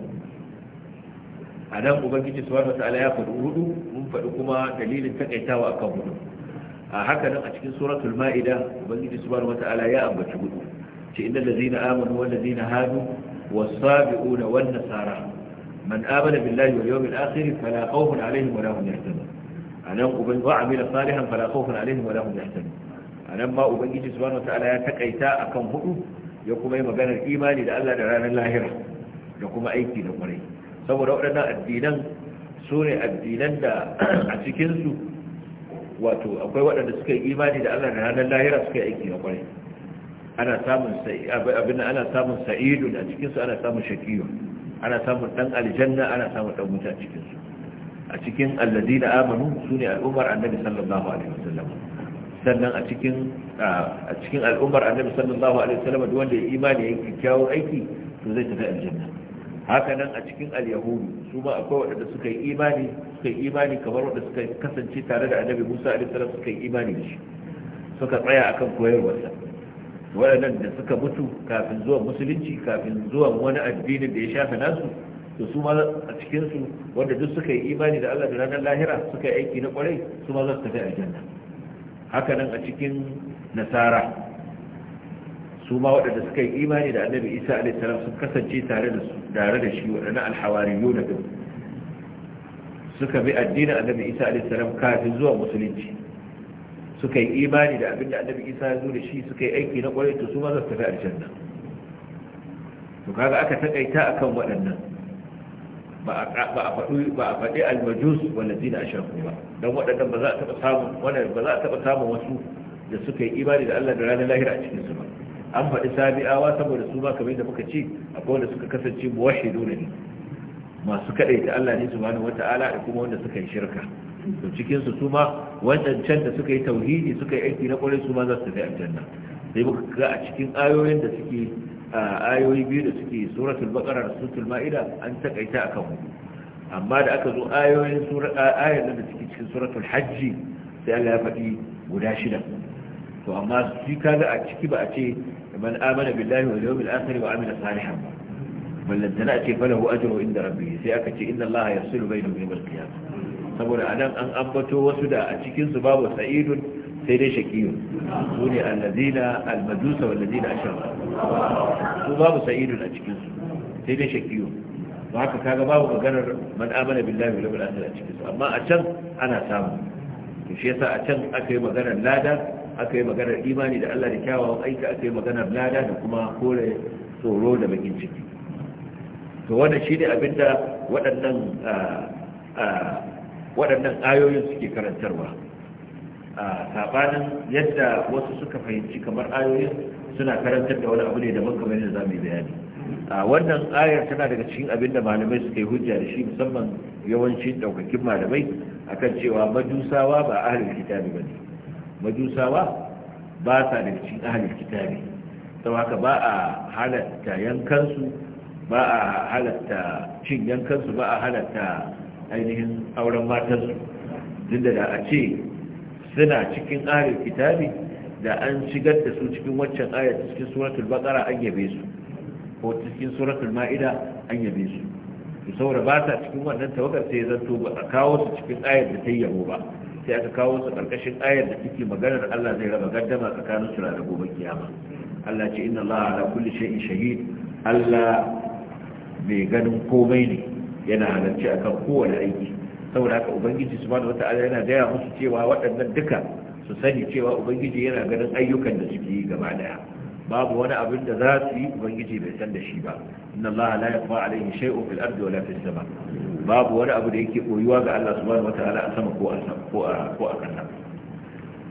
a nan ubangiji su wani masala ya faɗi hudu mun faɗi kuma dalilin takaitawa akan hudu a haka nan a cikin suratul ma'ida ubangiji su wani masala ya ambaci hudu ce inda lazina amanu wa lazina hadu wasabi'una wan nasara man A nan, uban wa amila salihan fala khawfun alaihim wala hum yahzanun nan ma ubangiji subhanahu wataala ya takaita akan hudu ya kuma yi maganar imani da Allah da ranar lahira da kuma aiki da kwarai saboda waɗannan addinan su ne addinan da a cikinsu wato akwai waɗanda suka yi imani da Allah da ranar lahira suka yi aiki da kwarai ana samun abin ana samun Sa'idu a cikinsu ana samun shakiyun ana samun ɗan aljanna ana samun ɗan wuta cikinsu a cikin alladina amanu su ne al'ummar annabi sallallahu alaihi wasallam sannan a cikin a cikin al'ummar annabi sallallahu alaihi wasallam duk wanda ya imani yake kyawun aiki to zai tafi aljanna haka nan a cikin al-yahudu su ma akwai waɗanda suka yi imani suka yi imani kamar waɗanda suka kasance tare da annabi Musa alaihi salam suka yi imani da shi suka tsaya akan koyarwarsa waɗannan da suka mutu kafin zuwan musulunci kafin zuwan wani addinin da ya shafe nasu to su ma a cikin su wanda duk suka yi imani da Allah da ranar lahira suka yi aiki na kwarai su ma za su tafi aljanna haka nan a cikin nasara su ma waɗanda suka yi imani da annabi isa alaihi salam sun kasance tare da su tare da shi waɗannan alhawariyu da din suka bi addinin annabi isa alaihi salam kafin zuwa musulunci suka yi imani da abinda annabi isa ya zo da shi suka yi aiki na kwarai to su ma za su tafi aljanna to kaga aka takaita akan waɗannan ba a faɗi almajus zina a shafi ba don waɗannan ba za a taɓa samun ba za a taɓa samun wasu da suka yi imani da Allah da ranar lahira a cikin su ba an faɗi sabi'awa saboda su ba kamar da muka ci akwai wanda suka kasance dole ne masu kaɗai ta Allah ne subhanahu wata'ala da kuma wanda suka yi shirka to cikin su su ma wadancan da suka yi tauhidi suka yi aiki na ƙwarai su ma za su tafi aljanna sai muka ga a cikin ayoyin da suke A ayoyi biyu da suke suratul baqara da suratul ma'ida an takaita akan hudu amma da aka zo ayoyin ayar da suke cikin suratul hajji sai Allah ya faɗi guda shida to amma shi kaga a ciki ba a ce man amana billahi wal yawmil akhir wa amila salihan ballanta na ce falahu ajru inda rabbi sai aka ce inna allaha yafsilu bainahum yawm al-qiyamah saboda anan an ambato wasu da a cikin su babu sa'idun sai dai shakiyu su ne allazina almajusa wallazina ashraku su babu sa'idun a cikin su sai dai shakiyu ba haka kaga babu maganar man amana billahi wal yawmil a cikin su amma a can ana samu to shi yasa a can aka yi maganar lada aka yi maganar imani da Allah da kyawawan aiki aka yi maganar lada da kuma kore tsoro da bakin ciki to wannan shi ne abinda waɗannan ah, ah, waɗannan ayoyin suke karantarwa a sabanin yadda wasu suka fahimci kamar ayoyin suna karantar da wani abu ne daban kamar yadda mu yi bayani a wannan ayar tana daga cikin abin da malamai suka yi hujja da shi musamman yawancin daukakin malamai akan cewa majusawa ba ahalin kitabi ba ne majusawa ba sa daga cikin ahalin kitabi sau haka ba a halatta yankansu ba a halatta cin yankansu ba a halatta ainihin auren matansu duk da a ce suna cikin ahlul kitabi da an shigar da su cikin waccan ayat cikin suratul baqara an yabe su ko cikin suratul ma'ida an yabe su to saboda ba ta cikin wannan tawakkal sai zanto ba a kawo su cikin ayat da ta yabo ba sai aka kawo su karkashin ayar da take maganar Allah zai raba gaddama tsakanin su da gobe kiyama Allah ce inna Allah ala kulli shay'in shahid Allah mai ganin komai ne yana halarci akan kowane aiki saboda haka ubangiji subhanahu wata'ala yana gaya musu cewa waɗannan duka su sani cewa ubangiji yana ganin ayyukan da suke yi gaba daya babu wani abin da za su yi ubangiji bai san da shi ba inna allaha la yakhfa alayhi shay'un fil ardi wala fis sama babu wani abu da yake koyuwa ga Allah subhanahu wataala a sama ko a sama ko a ko a kasa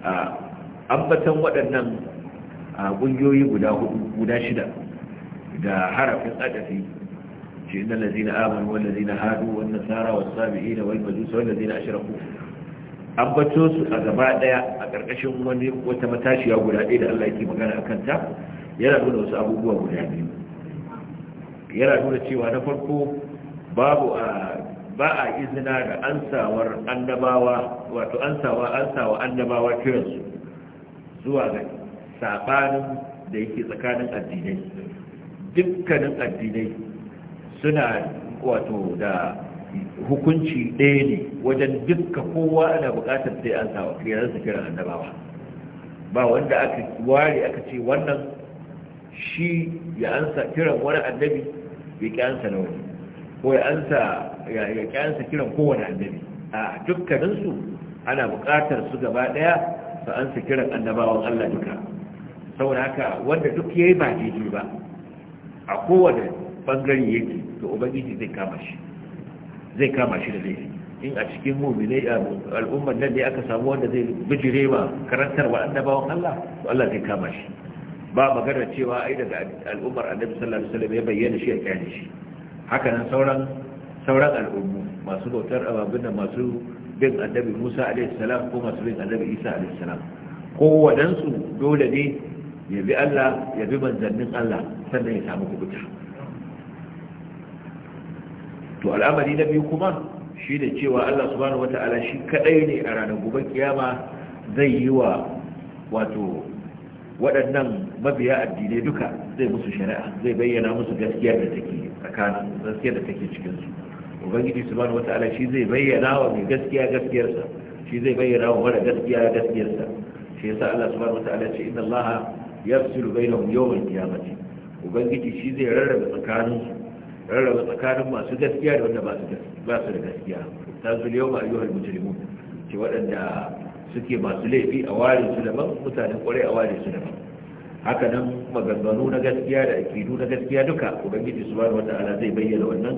a ambatan waɗannan kungiyoyi guda hudu guda shida da harafin adafi إن الذين آمنوا والذين هادوا والمجوس والذين su a gaba daya a ƙarƙashin wani wata matashiya guda ɗaya da Allah yake magana a kanta yana yana nuna cewa na farko babu a ba a izina da ansawar annabawa wato ansawa ansawa annabawa kiransu zuwa ga sabanin da yake tsakanin addinai dukkanin addinai suna wato da hukunci ɗaya ne wajen duka kowa ana buƙatar sai an sawa kiran su kiran annabawa ba wanda aka ware aka ce wannan shi ya ansa kiran wani annabi ya ƙi ansa na wani ko ya ansa ya ƙi ansa kiran kowane annabi a dukkaninsu ana buƙatar su gaba ɗaya su ansa kiran annabawan Allah duka saboda haka wanda duk yayi ba daidai ba a kowane bangare yake to ubangiji zai kama shi zai kama shi da laifi in a cikin mu'minai al'ummar nan ne aka samu wanda zai bijire ma karantar wa annabawan Allah to Allah zai kama shi ba magana cewa ai daga al'ummar annabi sallallahu alaihi wasallam ya bayyana shi a kyani shi haka nan sauran sauran al'ummu masu bautar ababin nan masu bin annabi Musa alaihi salam ko masu bin annabi Isa alaihi salam kowadansu dole ne ya bi Allah ya bi manzannin Allah sannan ya samu kubuta to al'amari na biyu kuma shi da cewa Allah subhanahu wata'ala shi kadai ne a ranar gobe kiyama zai yi wa wato waɗannan mabiya addinai duka zai musu shari'a zai bayyana musu gaskiya da take tsakanin gaskiya da take cikin su ubangiji subhanahu wata'ala shi zai bayyana wa mai gaskiya gaskiyarsa shi zai bayyana wa mara gaskiya gaskiyarsa shi yasa Allah subhanahu wata'ala ce inna Allah yafsilu bainahum yawmal qiyamati ubangiji shi zai rarraba tsakanin su rarraba tsakanin masu gaskiya da wanda ba su da gaskiya ta su yau ma ayyuhal mujrimun ce waɗanda suke masu laifi a ware su daban mutanen kwarai a ware su daban haka nan maganganu na gaskiya da akidu na gaskiya duka ubangiji su subhanahu ala zai bayyana wannan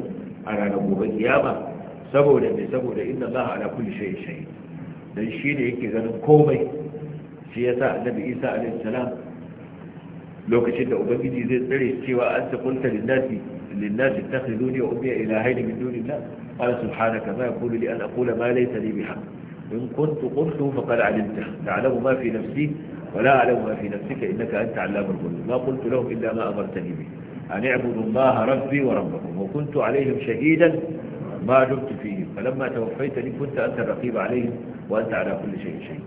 a ranar gobe kiyama saboda mai saboda za a ala kulli shay'in shahid dan shi ne yake ganin komai shi yasa annabi isa alaihi salam lokacin da ubangiji zai tsare cewa an ta kunta linnasi للناس اتخذوني وأمي إلهين من دون الله قال سبحانك ما يقول لي أن أقول ما ليس لي بحق إن كنت قلته فقد علمته تعلم ما في نفسي ولا أعلم ما في نفسك إنك أنت علام الغيوب ما قلت لهم إلا ما أمرتني به أن اعبدوا الله ربي وربكم وكنت عليهم شهيدا ما دمت فيهم فلما توفيتني كنت أنت الرقيب عليهم وأنت على كل شيء شيء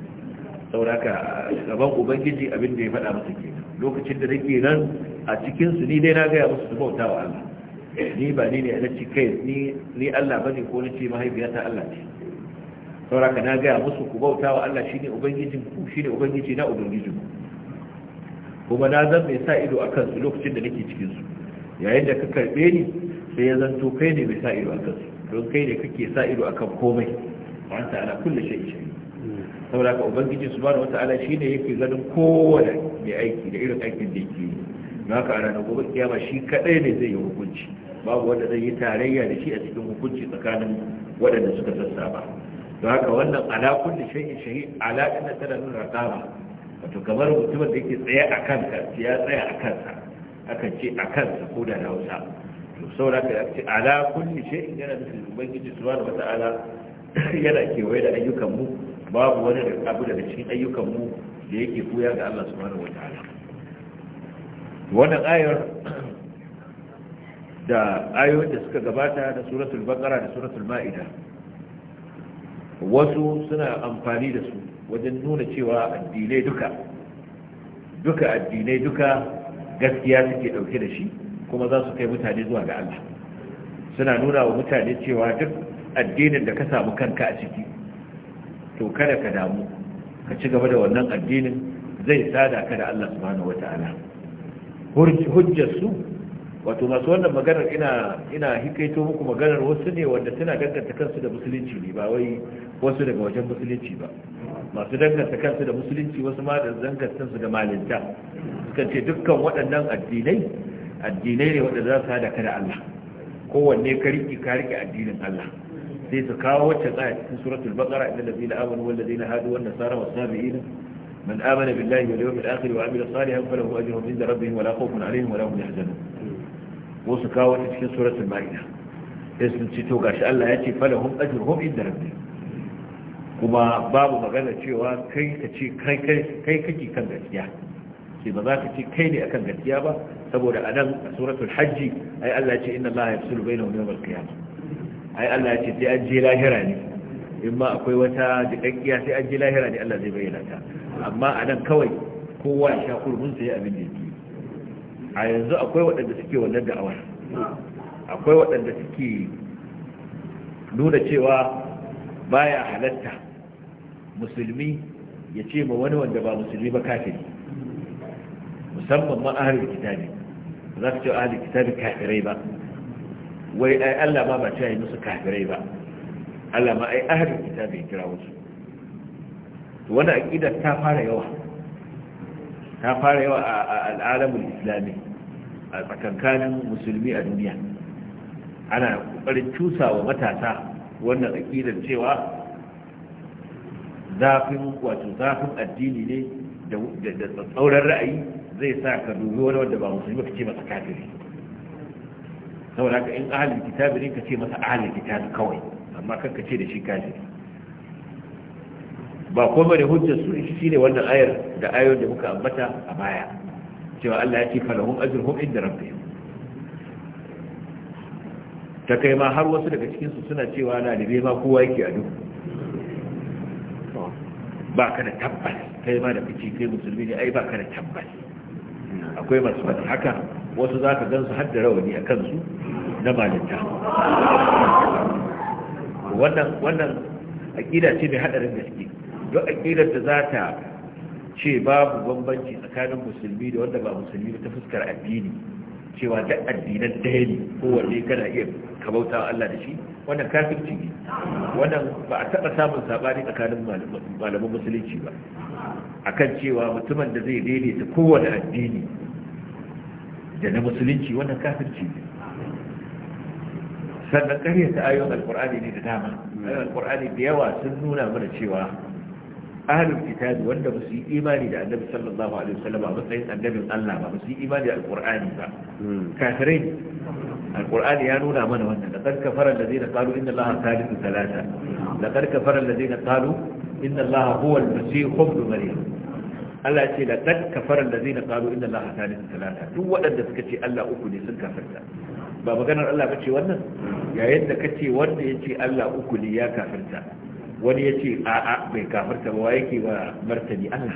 سوراك haka أبنجي ubangiji abin da ya faɗa masa kenan lokacin da nake nan a cikin ni ba ni ne na ci kai ni Allah ne ko na ce mahaifiyata Allah ce saura ka na gaya musu ku bauta wa Allah ne ubangijin ku ne ubangiji na ubangijin kuma na zan mai sa ido a kansu lokacin da nake cikin su yayin da ka karbe ni sai ya zanto kai ne mai sa ido a kansu don kai ne kake sa ido akan komai wa ta ala kulli shay'in shay'in saboda ka ubangiji ala shi ne yake ganin kowane mai aiki da irin aikin da yake yi na a ranar gobe kiyama shi kadai ne zai yi hukunci babu wanda zai yi tarayya da shi a cikin hukunci tsakanin waɗanda suka sassaba don haka wannan ala kulli shay'in shahid ala inna tana nuna raqaba wato kamar mutumin da yake tsaye a kanka ya tsaya a kansa akan ce a kansa ko da na Hausa to saboda ka ce ala kulli shay'in yana nufin ubangiji subhanahu wata'ala yana kewaye da ayyukan mu babu wani abu daga cikin ayyukan mu da yake koya ga Allah subhanahu wata'ala wannan ayar da ayoyin da suka gabata da suratul baqara da suratul ma'ida wasu suna amfani da su wajen nuna cewa addinai duka duka addinai duka gaskiya suke dauke da shi kuma za su kai mutane zuwa ga Allah suna nuna wa mutane cewa duk addinin da ka samu kanka a ciki to kada ka damu ka ci gaba da wannan addinin zai sada ka da Allah subhanahu wataala hujjar su wato masu wannan maganar ina ina hikaito muku maganar wasu ne wanda tana danganta kansu da musulunci ne ba wai wasu daga wajen musulunci ba masu danganta kansu da musulunci wasu ma da danganta kansu da malinta suka ce dukkan waɗannan addinai addinai ne waɗanda za su hada ka da Allah kowanne ka riƙe ka riƙe addinin Allah sai su kawo wacce tsaya cikin suratul baqara inna allazina amanu wal ladina hadu wan nasara was sabiin من آمن بالله واليوم الآخر وعمل صالحا فله أجر عند ربهم ولا خوف عليهم ولا هم يحزنون ko su kawo ta cikin suratul ma'ida sai sun ci to gashi Allah ya ce falahum ajruhum inda rabbi kuma babu magana cewa kai ka ce kai kai kake kan gaskiya sai ba za ka ce kai ne akan gaskiya ba saboda a nan a suratul hajji ai Allah ya ce inna Allah yafsulu bainahum yawmal qiyamah ai Allah ya ce sai an je lahira ne in ma akwai wata jikakkiya sai an je lahira ne Allah zai bayyana ta amma a nan kawai kowa ya sha kurbin sai abin da yake a yanzu akwai waɗanda suke wannan da'awar akwai waɗanda suke nuna cewa baya halatta musulmi ya ce ma wani wanda ba musulmi ba kafiri musamman ma ahlul kitabi za ka ce ahlul kitabi kafirai ba wai ai Allah ma ba ta yi musu kafirai ba Allah ma ai ahlul kitabi kira wasu wani wannan aqidar ta fara yawa ta fara yawa a al'alamul islami a tsakankanin musulmi a duniya ana cusa cusawa matasa wannan aƙidar cewa zafin wato zafin addini ne da tsauran ra'ayi zai sa ka dubi wani wanda ba musulmi ka ce masa kafiri saboda haka in ahalin kitabi ne ka ce masa ahalin kitabi kawai amma kan ka ce da shi kafiri ba kuma da hujjar su shi ne wannan ayar da ayoyin da muka ambata a baya cewa Allah ya ce falahum ajruhum inda rabbihim ta kai ma har wasu daga cikinsu suna cewa na libe ma kowa yake a duhu ba ka da tabbas kai ma da fice kai musulmi ne ai ba ka da tabbas akwai masu faɗi haka wasu za ka gan su har da rawani a kansu na malinta wannan wannan aƙida ce mai haɗarin gaske don aƙidar da za ta ce babu bambanci tsakanin musulmi da wanda ba musulmi ba ta fuskar addini cewa duk addinan daya ne kowanne kana iya kabauta Allah da shi wannan kafirci ne wannan ba a taɓa samun saɓani tsakanin malaman musulunci ba akan cewa mutumin da zai daidaita kowanne addini da na musulunci wannan kafirci ne sannan ƙaryata ayoyin alƙur'ani ne da dama ayoyin alƙur'ani da yawa sun nuna mana cewa ahlul kitabi wanda ba su yi imani da annabi sallallahu alaihi wasallam a matsayin annabin Allah ba ba su yi imani da alqur'ani ba hmm. kafirai alqur'ani ya nuna mana wannan da karka fara da zai qalu inna allaha thalithu thalatha da karka fara da zai qalu inna allaha huwa al-masih ibn maryam Allah ya ce da kad kafaran da zai na ƙaro inda Allah hadani talata duk waɗanda suka ce Allah uku ne sun kafarta ba maganar Allah ce wannan yayin da kace wanda yace Allah uku ne ya kafarta wani ya ce a'a bai kafarta ba yake ba martani Allah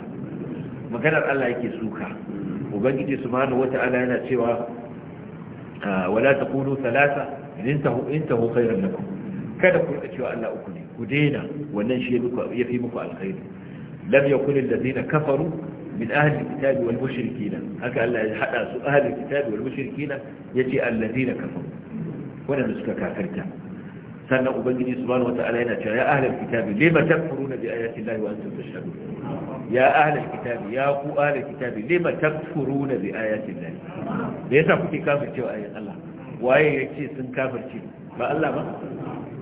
maganar Allah yake suka ubangiji su wata wata'ala yana cewa ah, wala ta taqulu thalatha ta hukairar khairan ku, kada ku rika cewa Allah uku ne ku daina wannan shi ya fi muku alkhairi lam yakun alladhina kafaru min ahli kitabi wal mushrikina haka Allah ya hada su ahli kitabi wal mushrikina yace alladhina kafaru wannan suka kafirta سنة أبنجني سبحانه وتعالى يا أهل الكتاب لما تكفرون بآيات الله وأنتم تشهدون يا أهل الكتاب يا أهل الكتاب لما تكفرون بآيات الله ليس أخذ كافر شيء وآيات الله وآية يكشي سن كافر شيء ما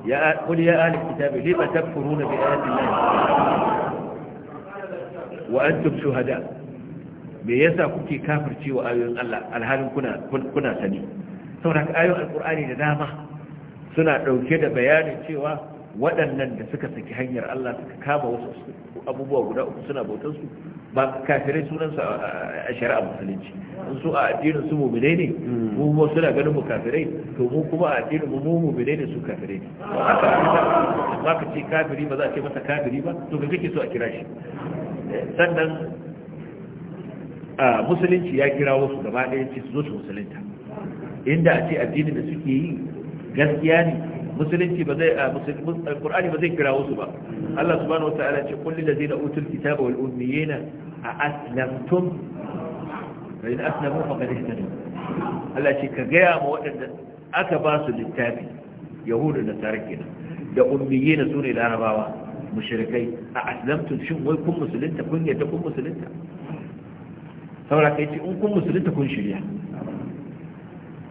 يا قل يا أهل الكتاب لما تكفرون بآيات الله وأنتم شهداء ليس أخذ كافر شيء وآيات الله الهالم كنا, كنا سني سنك آيو القرآن لنا محر suna ɗauke da bayanin cewa waɗannan da suka saki hanyar Allah suka kama wasu abubuwa guda uku suna su ba kafirai sunansu a shari'a musulunci in su a addinin su mumine ne mu kuma suna ganin mu kafirai to mu kuma a addinin mu mu mumine ne su kafirai ba ka ce kafiri ba za a ce masa kafiri ba to kake so a kira shi sannan musulunci ya kira wasu gaba ɗaya ce su zo su musulunta inda a ce addinin da suke yi gaskiya ne musulunci ba zai alqur'ani ba zai kirawo su ba Allah subhanahu wataala ce kullu ladina utul kitaba wal ummiyina a aslamtum fa in aslamu faqad ihtadu Allah ce ka gaya ma waɗanda aka ba su littafi yahudu da tarikin da ummiyina sune larabawa mushrikai a aslamtum shin wai kun musulunta kun yadda kun musulunta saboda kai ce in kun musulunta kun shirya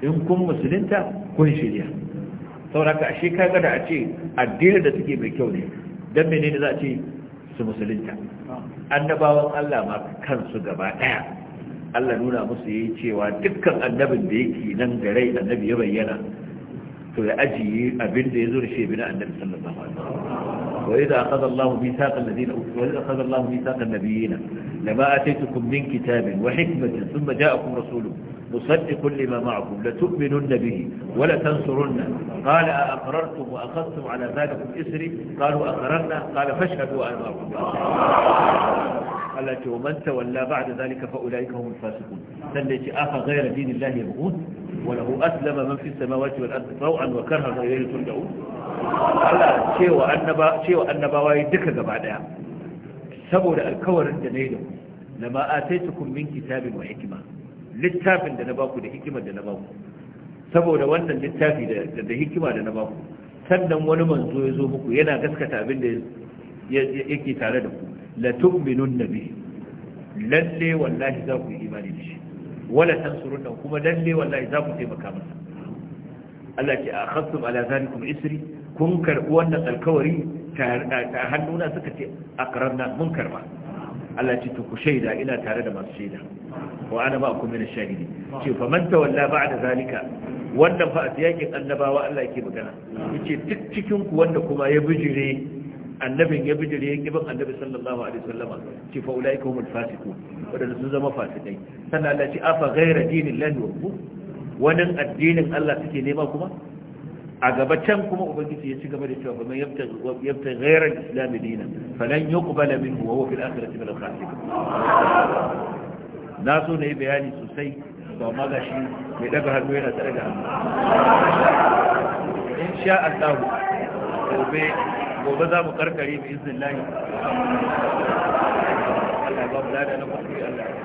in kun musulunta kun shirya sauraka a shi ka da a ce addinin da suke mai kyau ne don mene ne za a ce su musulunta annabawan Allah ma kansu gaba ɗaya Allah nuna musu yi cewa dukkan annabin da yake nan da rai annabi ya bayyana to ya ajiye abin da ya zo da shebi na annabi sallallahu alaihi wasallam wa idza akhadha Allahu mithaqan ladina wa idza akhadha Allahu mithaqan nabiyina lama ataytukum min kitabin wa hikmatin thumma ja'akum rasulun مصدق لما معكم لتؤمنن به ولتنصرنه قال أقررتم وأخذتم على ذلك الإسر قالوا أقررنا قال فاشهدوا أنا معكم التي ومن تولى بعد ذلك فأولئك هم الفاسقون التي آخى غير دين الله يبغون وله أسلم من في السماوات والأرض طوعا وكرها غيره تلدعون قال شيء وأن بواي annabawa بعدها سبول الكور daya لما آتيتكم من كتاب وحكمة littafin da na baku da hikimar da na baku saboda wannan littafi da hikima da na baku sannan wani manzo ya zo muku yana gaskata abin da yake tare da ku la tu'minun nabi lalle wallahi za ku yi imani da shi wala tansurun nan kuma lalle wallahi za ku taimaka masa Allah ce a khassum ala zalikum isri kun karbi wannan alkawari ta hannuna suka ce akrarna mun karba Allah ce to ku shaida ina tare da masu shaida wa ana ba kuma min shahidi ce fa man tawalla ba'da zalika wannan fa asiyakin annabawa Allah yake magana yace duk cikin ku wanda kuma ya bijire annabin ya bijire ya kiban annabi sallallahu alaihi wasallama ce fa wadanda sun zama fasikai sannan Allah ce afa addinin Allah suke nema kuma a gaba can kuma ubangiji ya ci gaba da cewa ba mai yabta ghairar islam dinan falan yuqbala minhu wa huwa fil akhirati min al-khasirin na so na yi bayani sosai to amma ga mai daga hannu yana ta da hannu in sha Allah gobe gobe za mu karkare bi iznillahi Allah ba mu da na kuma Allah